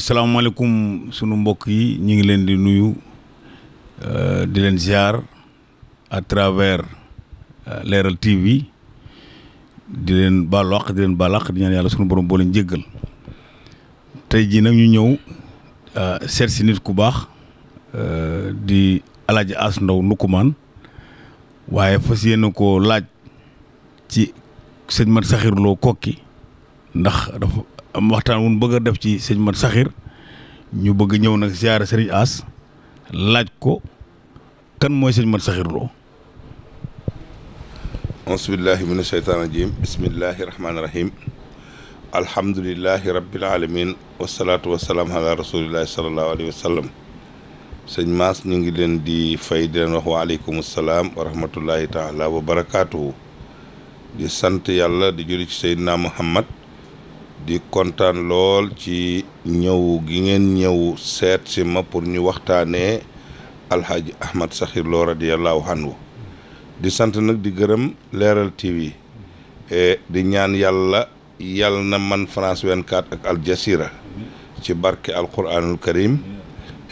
salaamaaleykum sunu mbokk yi ñu ngi leen di nuyu euh, di leen ziar à travers euh, leeral TV di leen baalu àq di leen baal àq di yàlla sunu borom boo leen jéggal tey jii nag ñu ñëw euh, seet si nit ku baax di alaaji As Ndaw Ndoukoumane waaye fas yéene koo laaj ci sëñ Mat Saxir Lo ndax dafa am waxtaan wun bëgg a def ci sëñ Mat Saxir ñu bëgg ñëw na ziyaara sëriñ As laaj ko kan mooy sëñ Mat Saxir Lo ausbillahi min asheytaan rajim bismillahi rahmaani rahim alhamdulilahi rabbil alamin wasalaatu wasalaam ala rasulillahi salallahu alayhi wa sallam Maas ñu ngi leen di fay leen wax waaleykum salaam wa rahmatullahi taala wa barakaatuhu di sant yàlla di julli ci seydina muhammad di kontaan lool ci ñëw gi ngeen ñëw seet si ma pour ñu waxtaanee alxaaji ahmad saxir loo radiyallahu anhu di sant nag di gërëm leeral tv e di ñaan yàlla yal na man France 24 ak Al jasira ci barke alquranul karim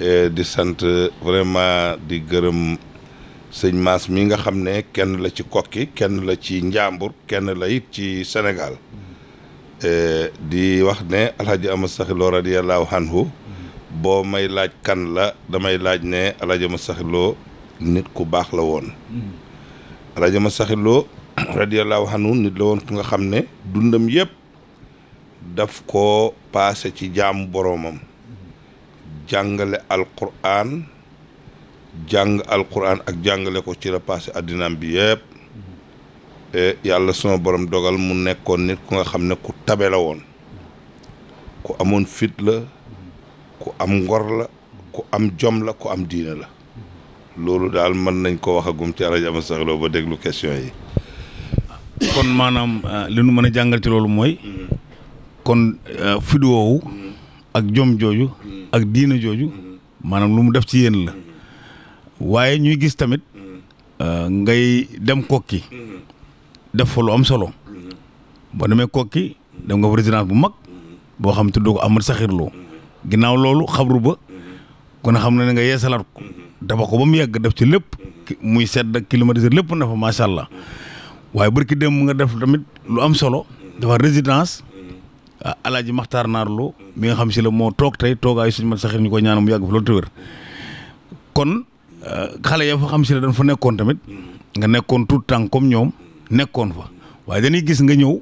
e di sant vraiment di gërëm sëñ Mass mi nga xam ne kenn la ci kokki kenn la ci njàmbur kenn la it ci Sénégal Eh, di wax ne alhaji ama saxiloo radiallahu anhu boo may laaj kan la damay laaj ne alhaji ama saxiloo nit ku baax la woon hmm. alhaji ama saxiloo radiallahu anhu nit la woon ku nga xam ne dundam yépp daf ko paase ci jaamu boroomam jàngale alquran jàng alquran ak jàngale ko ci la paase àddinaam bi yépp E, yàlla suma borom dogal mu nekkoon nit ku nga xam ne ku tabe la woon ku amoon fit la ku am ngor la ku am jom la ku am diina la loolu daal mën nañ ko wax a agum ci rajo Amath Sakho Lo ba déglu question yi. kon maanaam euh, li nu mën a jàngal ci loolu mooy. Euh, ak jom jooju. ak diina jooju. maanaam lu mu def ci yéen la. waaye ñuy gis tamit. Euh, ngay dem kokki def fa lu am solo boo demee kokki dem nga fa résidence bu mag boo xam tudd ko Ahmad Saxir Lo ginnaaw loolu xabru ba kon xam na ne nga yeesalaat ko tabax ko ba mu yàgg def ci lépp muy sedd ak climatiseur lépp na fa macha allah waaye barki dem nga def tamit lu am solo dafa résidence ah, alaaji maxtaar naar Lo mi nga xam si la moo toog tey toogaayu suñu mat saxir ñu ko ñaanal mu yàgg fi loolu te wér kon ah, xale ya fa xam si la dañ fa nekkoon tamit nga nekkoon tout temps comme ñoom nekkoon fa waaye dañuy gis nga ñëw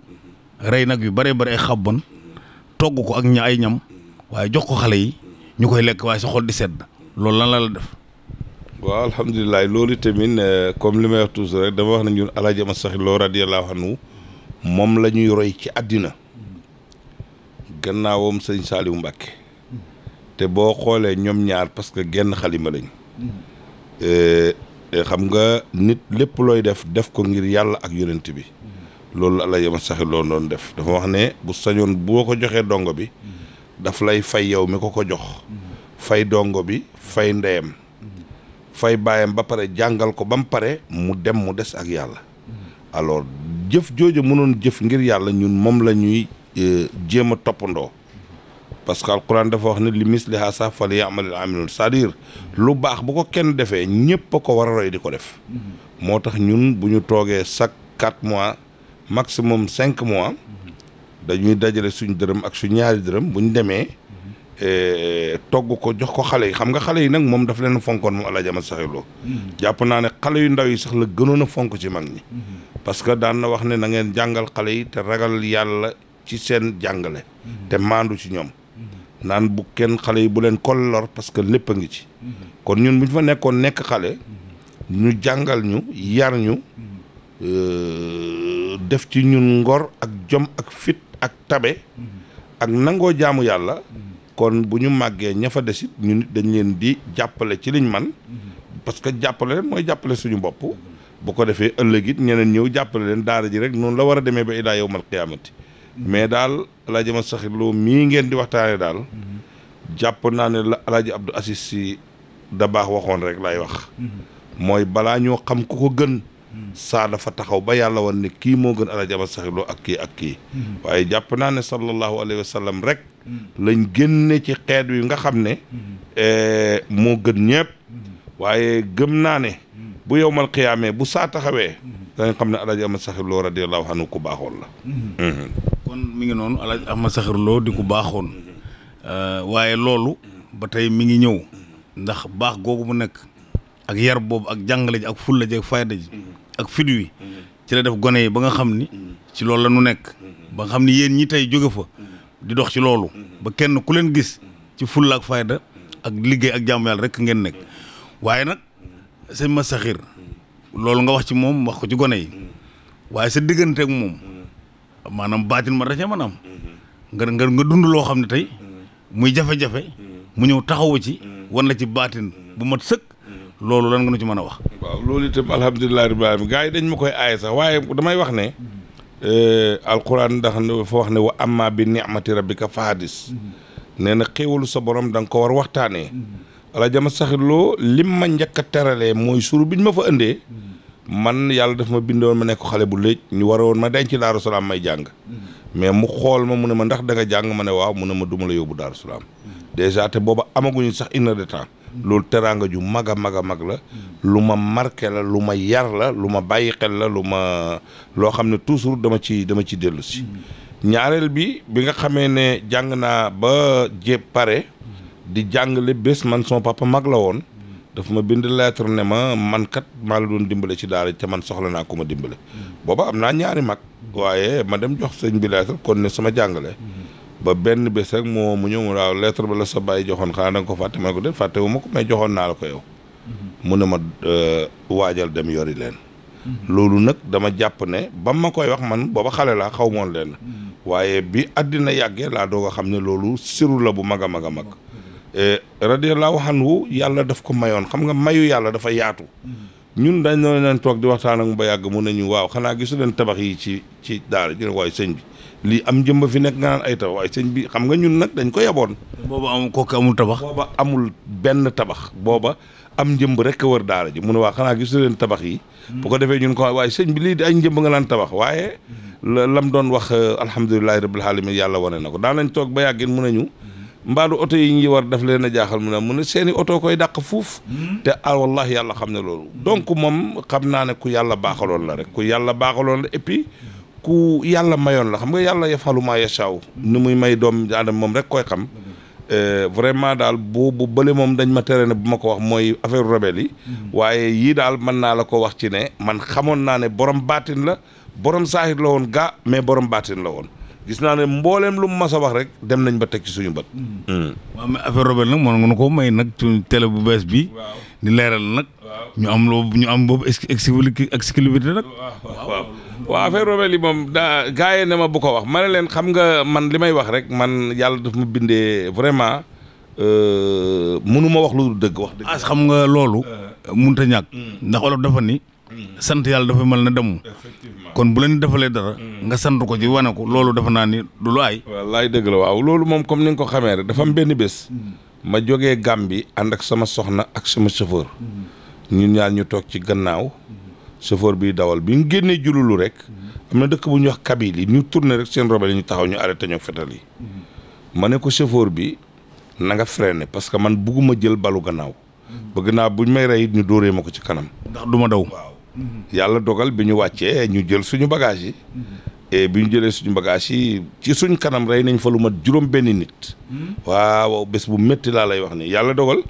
rey nag yu bare bare ay xabban togg ko ak ña ñam waaye jox ko xale yi ñu koy lekk waaye sa xol di sedd loolu lan la la def. waaw alhamdulilah loolu tamit eh, comme li may toujours rek dama wax na ñun El Hadj Masakhi Lo radiyallahu anhu moom la ñuy roy ci àddina gannaawam sëñ Saliou Mbacke te boo xoolee ñoom ñaar parce que genn xalima lañ eh, Eh, xam nga nit lépp looy def def ko ngir yàlla ak yonent bi mm-hmm. loolu la yema saxi loo doon def dafa wax ne bu sañoon boo ko joxee dongo bi mm-hmm. daf lay fay yow mi ko ko jox mm-hmm. fay dongo bi fay ndeyam fay baayam ba pare jàngal ko ba mu pare mu dem mu des ak yàlla alors jëf jooju mënoon jëf ngir yàlla ñun moom la ñuy eh, jéem a toppandoo parce que alquran dafa wax ne li misliha sax fal yaamalil amilun c'est-à-dire lu baax bu ko kenn defee ñëpp a ko war a roy di ko def moo tax ñun bu ñu toogee chaque quatre mois maximum cinq mois dañuy dajale suñ dërëm ak su ñaari dërëm bu ñu demee eh, togg ko jox ko xale yi xam nga xale yi nag moom daf leen fonkoon moom El Hadj Amath Sakhir jàpp naa ne xale yu ndaw yi sax la gënoon a fonk ci mag ñi parce que daan na wax ne na ngeen jàngal xale yi te ragal yàlla ci seen jàngale te ci ñoom naan bu kenn xale yi bu leen kol lor parce que lépp a ngi ci kon ñun bu ñu fa nekkoon nekk xale ñu jàngal ñu yar ñu euh, def ci ñun ngor ak jom ak fit ak tabe ak nangoo jaamu yàlla kon bu ñu màggee ña fa desit ñun it dañ leen di jàppale ci liñ man parce que jàppale leen mooy jàppale suñu bopp bu ko defee ëllëgit ñeneen ñëw jàppale leen daara ji rek noonu la war a demee ba idaa yawmal qiyaamati mais daal alaaji ma saxit loo mii ngeen di waxtaane daal jàpp naa ne la alaaji Abdou Aziz Sy Dabakh waxoon rek laay wax mooy balaa ñoo xam ku ko gën saa dafa taxaw ba yàlla wan ne kii moo gën alaaji ma saxit ak kii ak kii waaye jàpp naa ne sallallahu alayhi wa sallam rek lañ génne ci xeet wi nga xam ne eh, moo gën ñëpp waaye gëm naa ne bu yowmal xiyaamee bu saa taxawee da nga xam ne alaaji Ahmad Saxir Lo radiyallahu anhu ku baaxoon la mhm. kon mi ngi noonu alaaji Ahmad Saxir Lo di ku baaxoon mhm. waaye loolu ba tey mi ngi ñëw mhm. ndax baax googu mu nekk ak yar boobu ak jàngale ji ak fulla ji ak fayda ji ak fit wi ci la def gone yi ba nga xam ni ci loolu la nu nekk ba nga xam ni yéen ñi tey jóge fa di dox ci loolu ba kenn ku leen gis ci fulla ak fayda ak liggéey ak jaamu yàlla rek ngeen nekk waaye nag sëñ ma saxir loolu nga wax ci moom wax ko ci gone yi mm. waaye sa diggante ak moom mm. maanaam baatin ma dafa mën a am nga nga nga dund loo xam ne tey mm. muy jafe-jafe mu ñëw taxawu ci wan la ci baatin bu mat sëkk loolu lan nga nu ci mën a wax. waaw loolu itam alhamdulilah rabbil alamin gars yi dañ ma koy aaye sax waaye damay wax ne. Euh, alquran ndax fa wax ne wa amma bi ni'mati rabbika fahadis nee na xéewalu sa borom da nga ko war waxtaanee. ala jama saxiloo lim ma njëkk a teralee mooy suru biñ ma fa indee. man yàlla daf ma bindoon ma nekk xale bu léej ñu woon ma denc Daaru Salaam may jàng mais mu xool ma mu ne ma ndax da jàng ma ne waaw mu ne ma duma la yóbbu Daaru Salaam dèjà te booba amaguñu sax une de temps loolu teraanga ju mag a mag a mag la lu ma marqué la lu ma yar la lu ma bàyyi xel la lu ma loo xam ne toujours dama ci dama ci dellu si ñaareel bi bi nga xamee ne jàng naa ba jéb pare di jàng jàngale bés man son papa mag la woon daf ma bind lettre ne ma man maa la doon dimbale ci daal te man soxla naa ku ma dimbale. booba am naa ñaari mag. waaye ma dem jox sëñ bi lettre kon ne sama jàngale. ba benn bés rek moo mu ñëw mu waaw ba la sa bàyyi joxoon xanaa da ko fàtte ma ko de fàtte ko mais joxoon naa ko yow. mu ne ma euh, waajal dem yori leen. loolu nag dama jàpp ne ba ma koy wax man booba xale laa xaw leen. Mm-hmm. waaye bi àddina yàggee laa doog xam ne loolu siru bu mag a mag a mag. Eh, radiyallahu anhu yàlla daf ko mayoon xam nga mayu yàlla dafa yaatu ñun dañ noo toog di waxtaan ak mu ba yàgg mun nañu waaw xanaa gisu leen tabax yi ci ci daara ñu ne sëñ bi lii am jëmba fi nekk nga ay tabax sëñ bi xam nga ñun nag dañ ko yeboon booba amul kooku amul tabax booba amul benn tabax booba am njëmb rek a wër daara ji mu waa xanaa gisu leen tabax yi hmm. bu ko defee ñun ko waaye sëñ bi lii di ay njëmb nga naan tabax waaye hmm. lam doon wax eh, alhamdulilahi rabbil alamin yàlla wane na ko daan nañ toog ba yàggin mun nañu mbaalu oto yi ñuy war daf leen a jaaxal mu ne mu a seeni oto koy dàq fuuf hmm. te ah wallahi yàlla xam ne loolu hmm. donc moom xam naa ne ku yàlla baaxaloon la rek ku yàlla baaxaloon la et ku yàlla mayoon la xam nga yàlla yafalu maa yashaaw nu muy may doom aadama moom rek koy xam hmm. euh, vraiment daal bu bu bële moom dañ ma tere ne bu ma ko wax mooy affaire rebelle yi waaye yii daal mën naa la ko wax ci ne man xamoon naa ne borom baatin la borom saahir la woon gaa mais borom la woon gis naa ne mbooleem lu mu mas a wax rek dem nañ ba teg ci suñu bët. Mm. waaw mais affaire Robert nag mën nga ko may nag ci bu bees bi di leeral nag. ñu am loo ñu am boobu exclusivité nag. waaw waaw affaire Robert yi moom daa gars yi ne bu ko wax ma ne leen xam nga man li may wax rek man yàlla daf ma bindee vraiment euh, mënu ma wax lu dëgg wax. dëgg as ah, xam nga loolu. Euh. mënut a ñàkk. Mm. ndax olof dafa ni. sant yàlla dafa mel na dem. kon bu leen defalee dara. Mm. nga sant ko ci wane ko loolu dafa naa ni du lu aay. wallaay dëgg la waaw loolu moom comme ni nga ko xamee rek dafa am benn bés. Mm. ma jógee Gàmbi ànd ak sama soxna ak sama chauffeur. Mm. ñun ñaar ñu toog ci gannaaw. chauffeur bii dawal bi ñu génnee jululu rek. am na dëkk bu ñuy wax Kabyle yi ñu turne rek seen robel yi ñu taxaw ñu arrêté ñoo fetal yi. ma ne ko chauffeur bi na nga freiné parce que man bugguma jël balu gannaaw. bëgg naa buñ may rey ñu dóoree ma ko ci kanam. yàlla dogal bi ñu wàccee ñu jël suñu bagage yi bi ñu jëlee suñu bagage yi ci suñu kanam rey nañ fa lu mat juróom benn nit waaw bés bu métti laa lay wax ni yàlla dogal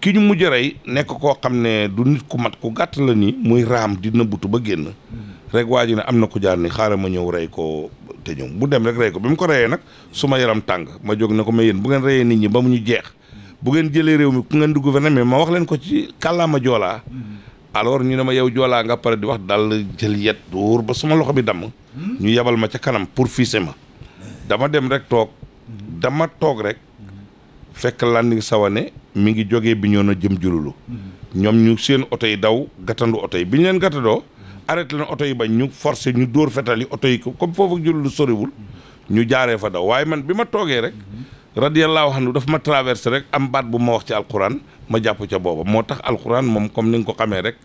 ki ñu mujj rey nekk koo xam ne du nit ku mat ku gàtt la nii muy raam di nëbbutu ba génn rek waa ji ne am na ku jaar ni xaaral ma ñëw rey ko te ñëw bu dem rek rey ko bi mu ko reyee nag su ma yaram tàng ma jóg ne ko ma yéen bu ngeen reyee nit ñi ba mu ñu jeex bu ngeen jëlee réew mi ku ngeen di gouverner mais ma wax leen ko ci kàllaama joolaa alors ñu ne ma yow joolaa nga pare di wax dal jël yet dóor ba suma loxo bi damm hmm? ñu yebal ma ca kanam pour fiise ma dama dem rek toog dama toog rek fekk landing ne mi ngi jógee bi ñoo na jëm jululu hmm. ñoom ñu seen oto yi daw gàttandu oto yi bi ñu leen gàttandoo arrêté leen oto yi bañ ñu forcé ñu dóor fetali oto yi ko comme foofu ak jululu soriwul ñu jaaree fa daw waaye man bi ma toogee rek hmm. radiyallahu anhu dafa ma traversé rek am baat bu ma wax ci alquran ma jàpp ca booba moo tax alxuraan moom comme ni nga ko xamee rek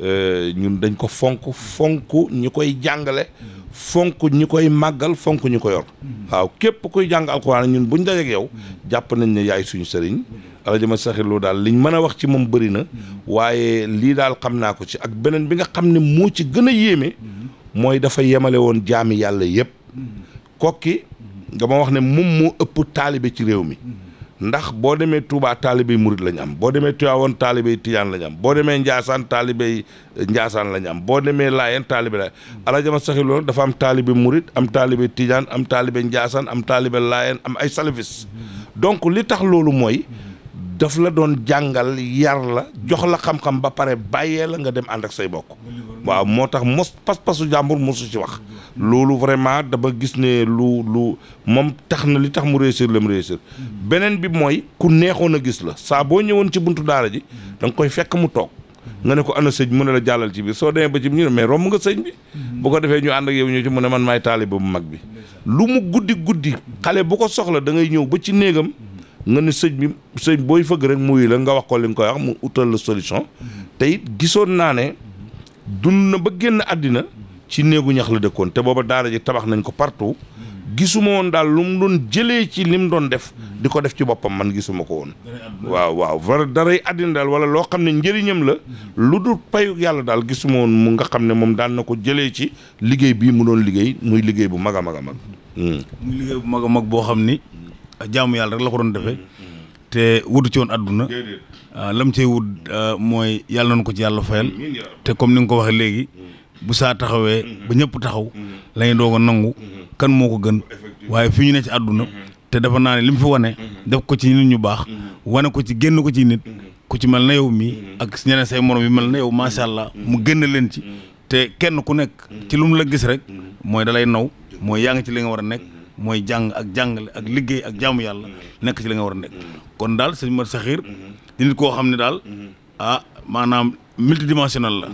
euh, ñun dañ ko fonk fonk ñi koy jàngale fonk ñi koy màggal fonk ñi ko yor waaw képp kuy jàng alxuraan ñun bu buñ dajeek yow jàpp nañ ne yaay suñu sëriñ alajama saxirloo daal liñ mën a wax ci moom bëri na waaye lii daal xam naa ko ci ak beneen bi nga xam ne moo ci gën a yéeme mooy dafa yemale woon jaami yàlla yëpp kokki nga ma wax ne moom moo ëpp taalibe ci réew mi ndax boo demee Touba taalibe yi murit lañ am boo demee Tivaouane woon yi Tijaan lañ am boo demee Njaasaan taalibe yi eh, Njaasaan lañ am boo demee Laayeen taalibe la alajama saxi loolu dafa am taalibe murit am taalibe Tijaan am taalibe Njaasaan am taalibe Laayeen am ay salafis mm-hmm. donc li tax loolu mooy daf la doon jàngal yar la jox la xam-xam ba pare bàyyee la nga dem ànd ak say bokk waaw moo tax mos pas-pasu jàmbur mosu ci wax loolu vraiment dama gis ne lu lu moom tax na li tax mu réussir la mu réussir beneen bi mooy ku neexoon a gis la saa boo ñëwoon ci buntu daara ji da nga koy fekk mu toog nga ne ko ana sëñ mu ne la jàllal ci biir soo demee ba ci ñu ne mais romb nga sëñ bi bu ñu ànd ak yow ñëw ci mu ne man maay taaliba mu mag bi lu mu guddi guddi xale bu ko soxla da ngay ñëw ba ci néegam nga ne sëñ bi sëñ booy fëgg rek muy la nga wax ko li ko koy mu utal la solution mm-hmm. tey gisoon naa ne dund na ba génn àddina ci néegu ñax la dëkkoon te booba daara ji tabax nañ ko partout mm-hmm. gisuma woon daal lu mu doon jëlee ci li mu doon def mm-hmm. di ko def ci boppam man gisuma ko woon waaw waaw war daray àddina daal wala loo xam ne njëriñam la lu dul payu yàlla daal gisuma woon mu nga xam ne moom daal na ko jëlee ci liggéey bii mu doon liggéey muy liggéey bu mag a mag a mag mm. mag boo xam ni jaamu yàlla rek la ko doon defee mm, mm. te wutu ci woon àdduna ah, lam cey wut ah, mooy yàlla nañu ko ci yàlla fayal te comme ni nga ko waxee léegi bu saa taxawee mm, ba ñëpp taxaw la ñu doog a nangu kan moo ko gën waaye fi ñu nekk ci àdduna te dafa naa ne li mu fi wane def ko ci nit ñu baax wane ko ci génn ko ci nit ku ci mel na yow mii ak ñeneen say morom yi mel na yow macha allah mu génn leen ci te kenn ku nekk ci lu mu la gis rek mooy dalay naw mooy yaa ngi ci li nga war a nekk mooy jàng ak jàngale ak liggéey ak jaamu yàlla nekk ci li nga war a nekk kon daal sëñ Mat Saxiir di nit koo xam ne daal ah maanaam multidimensionnel la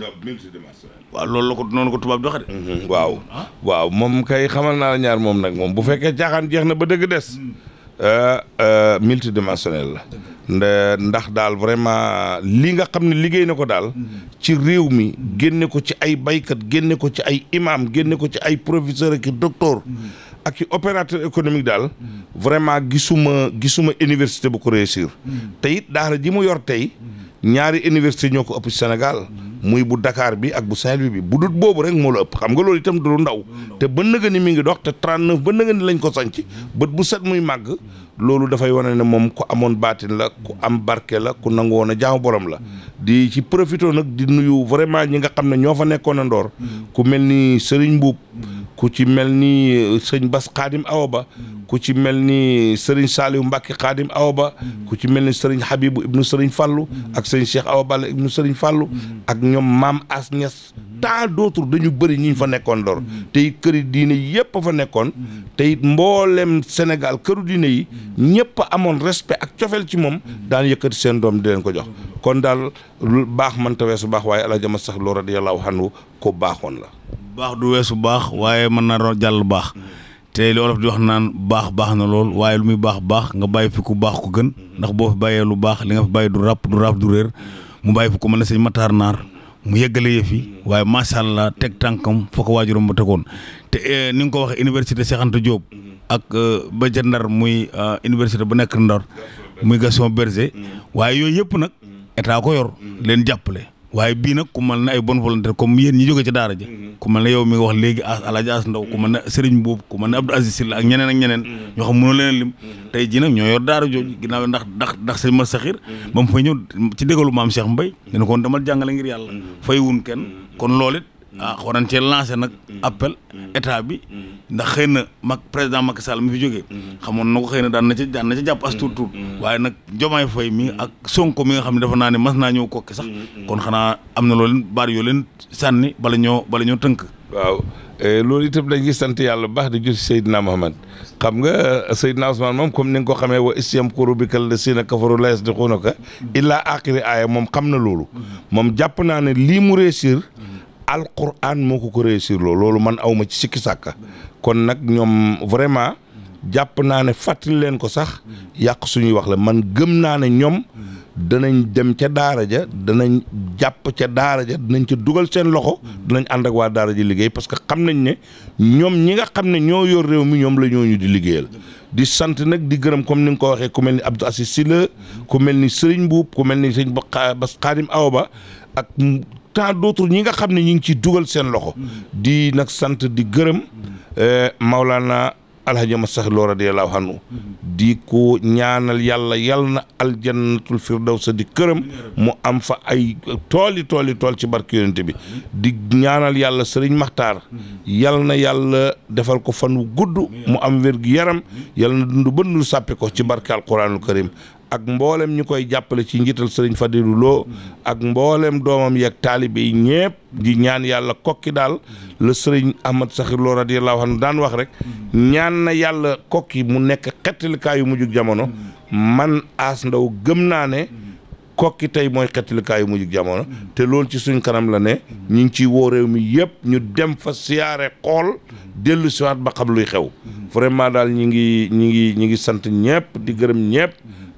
waaw loolu la ko noonu ko tubaab doxe de mhm, waaw ah. waaw moom kay xamal naa la ñaar moom nag moom bu fekkee caaxaan jeex na ba dëgg des hmm. euh, euh, multidimensionnel la hmm. ndax daal vraiment li nga xam ne liggéey na ko daal hmm. ci réew mi génne ko ci ay baykat génne ko ci ay imam génne ko ci ay professeur ak docteur ak i opérateur économique daal vraiment gisuma gisuma université bu ko réussir te it daara ji mu yor tey ñaari université ñoo ko ëpp ci Sénégal muy bu dakaar bi ak bu saint bi bu dut boobu rek moo la ëpp xam nga loolu itam du ndaw te ba nëgë ni mi ngi dox te 39 ba nëgë ni lañ ko sanc bët bu set muy màgg loolu dafay wane ne moom ku amoon baatin la ku am barke la ku nangu woon a jaamu borom la di ci profité nag di nuyu vraiment ñi nga xam ne ñoo fa nekkoon a ndoor ku mel ni Serigne Mbuub ku ci mel ni euh, sëñ Bas Xaadim Awa Ba ku ci mel ni sëriñ Saaliw Mbàkke Xaadim Awa Ba ku ci mel ni sëriñ Habibu ibnu sëriñ Fàllu ak sëriñ Cheikh Awa Balla ibnu sëriñ Fàllu ak ñoom maam As Ñas tant d'autres dañu bëri ñi fa nekkoon lor tey it këri diine yëpp a fa nekkoon tey it mboolem Sénégal këru diine yi ñëpp amoon respect ak cofeel ci moom daan yëkkati seen doom di leen ko jox kon daal lu baax man ta weesu baax waaye alaaji ma sax loo radiyallaahu anhu ko baaxoon la baax du weesu baax waaye mën naa jàll baax te loolu di wax naan baax baax na lool waaye lu muy baax baax nga bàyyi fi ku baax ko gën ndax boo fi bàyyee lu baax li nga fi bàyyi du ràpp du ràpp du réer mu bàyyi fi ku mën a sëñ Matar Naar mu yeggale yëf waaye macha allah teg tànkam foo ko waajuram ba tegoon te eh, ni nga ko waxee université Cheikh Anta ak eh, ba Ndar muy eh, université bu nekk Ndar muy Gaston Berger mm. waaye yooyu yëpp nag mm. état ko yor mm. leen jàppale. waaye bii nag ku mel ne ay bonne volonté comme yéen ñi jóge ci daara ji mhm. ku mel ne yow mi nga wax léegi as alaaji as ndaw ku mel ne Serigne Mbuub ku mel ne Abdou Aziz Sylla ak ñeneen ak ñeneen mhm. ñoo xam mënoo leen lim mhm. tey ji nag ñoo yor daara jooju ginnaaw ndax ndax ndax ma Mar Saxir ba mu fay ñëw ci dégalu maam Cheikh Mbaye dina kon demal jàngale ngir yàlla fay wun kenn kon loolu ah war nañ cee lancé nag appel état bi ndax xëy na mak président Macky Sall mi fi jógee xamoon na ko xëy na daan na ci daan na ci jàpp as tuut tuut waaye nag Diomaye Faye mi ak Sonko mi nga xam ne dafa naa ne mas naa ñëw kokki sax kon xanaa am na loolu baar yoo leen sànni bala ñoo bala ñoo tënk waaw eh, loolu itam dañuy sant yàlla bu baax di jur Seydina Muhammad xam nga eh, Seydina Ousmane moom comme ni nga ko xamee wo isyam kuru bi kal la sina kafaru la yasdiqunaka illa aaxiri aaya moom xam na loolu moom alquran moo ko ko réussir loo loolu man awma ci sikki sàkka kon nag ñoom vraiment jàpp naa ne fàttali leen ko sax yàq suñuy wax la man gëm naa ne ñoom danañ dem ca daara ja danañ jàpp ca daara ja danañ ca dugal seen loxo danañ ànd ak waa daara ji liggéey parce que xam nañ ne ñoom ñi nga xam ne ñoo yor réew mi ñoom la ñu di liggéeyal di sant nag di gërëm comme ni nga ko waxee ku mel ni Abdou Assis Sylla ku mel ni Serigne Mbuub ku mel ni sëñ Ba Xaadim Awa Ba ak tant d'autres ñi nga xam ne ñi ngi ci dugal seen loxo di nag sant di gërëm eh, Maulana alhaji ma sax loo radiyallahu di ko ñaanal yàlla yal na aljannatul firdaws di këram mu am fa ay tooli tooli tool ci barke yonent bi di ñaanal yàlla sëriñ maxtaar yal na yàlla defal ko fan wu gudd mu am wér gi yaram yal dundu dund ba nu sàppi ko ci barke alquranul karim ak mbooleem ñu koy jàppale ci njiital sëriñ Fadilou Lo ak mbooleem doomam yeeg taalibe yi ñépp ñi ñaan yàlla kokki daal la sëriñ Ahmad Saxir Lo radiyallahu anhu daan wax rek ñaan na yàlla kokki mu nekk xettilikaayu mujjug jamono man aas ndaw gëm naa ne kokki tey mooy xetlikaayu mujj jamono te loolu ci suñ kanam la ne ñu ngi ciy woo réew mi yëpp ñu dem fa siyaare xool dellu siwaat ba xam luy xew vraiment daal ñi ngi ñi ngi ñi ngi sant ñëpp di gërëm ñëpp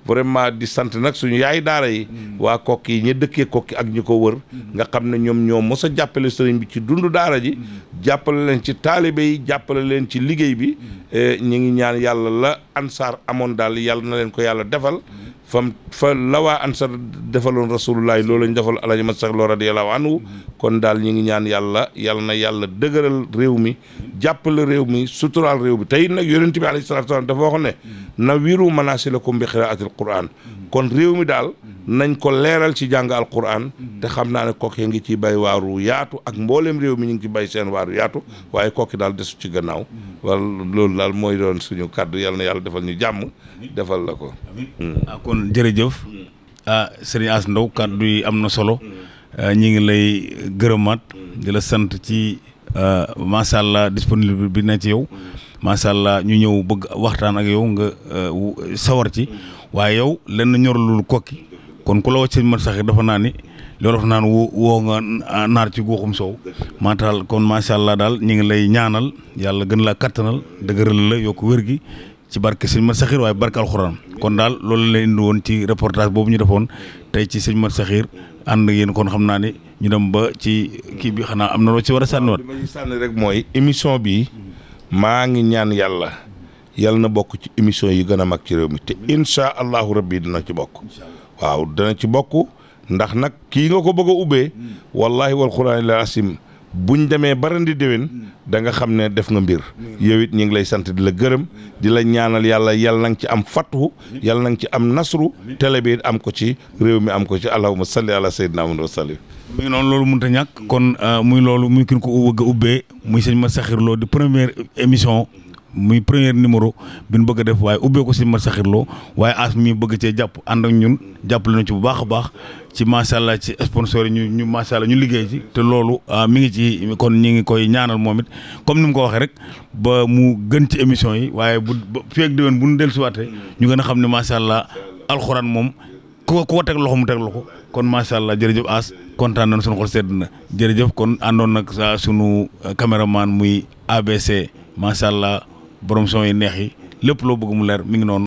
vraiment di sant nag suñu yaay daara yi mm. waa kokki yi ñu dëkkee kokki ak ñi ko wër mm. nga xam ne ñoom ñoo mos a jàppale sëriñ bi ci dundu daara ji mm. jàppale leen ci taalibe yi jàppale leen ci liggéey bi eh, ñu ngi ñaan yàlla la ansaar amoon daal yàlla na leen ko yàlla defal fam fa lawaa ansar defaloon rasulullahi loolu lañ defal alañu ma sax loo radiyallahu anhu kon daal ñu ngi ñaan yàlla yàlla na yàlla dëgëral réew mi jàppal réew mi suturaal réew mi tey nag yonent bi alayhi salaatu salaam dafa waxoon ne na wiiru manaasilakum bi qiraatil quraan kon réew mi daal nañ ko leeral ci jàng alquran te xam naa ne kokki ngi ci bay waaru yaatu ak mboolem réew mi ñu ngi ci bay seen waaru yaatu waaye kokki daal desu ci gannaaw wala loolu daal mooy doon suñu kàddu yàlla na yàlla defal ñu jàmm defal la ko ah, kon jërëjëf ah sëriñ As Ndaw kàddu yi am na solo ah, ñu ngi lay gërëmaat di la sant ci ah, macha allah disponible bi na ci yow macha allah ñu ñëw bëgg waxtaan ak yow nga sawar ci waaye yow lenn ñorlul kokki kon ku la wàcc man sax dafa naa ni loolu dafa naan woo woo nga naar ci guuxum soow maataal kon macha allah daal ñu ngi lay ñaanal yàlla gën laa kattanal dëgëral la yokk wér gi ci barke sëñ Mat Saxiir waaye barke alxuraan kon daal loolu leen indi woon ci reportage boobu ñu defoon tey ci sëñ Mat Saxiir ànd yéen kon xam naa ne ñu dem ba ci kii bi xanaa am na loo ci war a sànniwaat. li ma rek mooy émission bi maa ngi ñaan yàlla. yàlla na bokk ci émission yi gën a mag ci réew mi te incha allahu rabbi dina ci bokk waaw dana ci bokk ndax nag kii nga ko bëgg a ubbee wallahi wal quraan la asim buñ demee barandi déwén da nga xam ne def nga mbir yow it ñu ngi lay sant di la gërëm di la ñaanal yàlla yàlla na nga ci am fattu yàlla na nga ci am nasru tele bi am ko ci réew mi am ko ci allahumma salli ala sayyidina muhammad wa sallim muy noonu loolu mun a ñàkk kon euh, muy loolu muy kin ko bëgg a muy sëñ ma saxirloo di première émission muy premier numéro bi nu bëgg a def waaye ubbee ko si Mat Saxir Lo waaye as mi bëgg cee jàpp ànd ak ñun jàppale nañu ci bu baax a baax ci macha allah ci sponsor yi ñu ñu macha allah ñu liggéey ci te loolu ah, mi ngi ci kon ñi ngi koy ñaanal moom it comme ni mu ko waxee rek ba mu gën ci émission yi waaye bu feeg déwén bu ñu dellusiwaatee ñu gën a xam ne macha allah alxuraan moom ku ko ko teg loxo mu teg loxo kon macha allah jërëjëf As kontaan nañu sunu xol sedd na jërëjëf kon àndoon nag sa sunu maan muy ABC macha allah borom son yi neex yi lépp loo bëgg mu leer mi ngi noonu.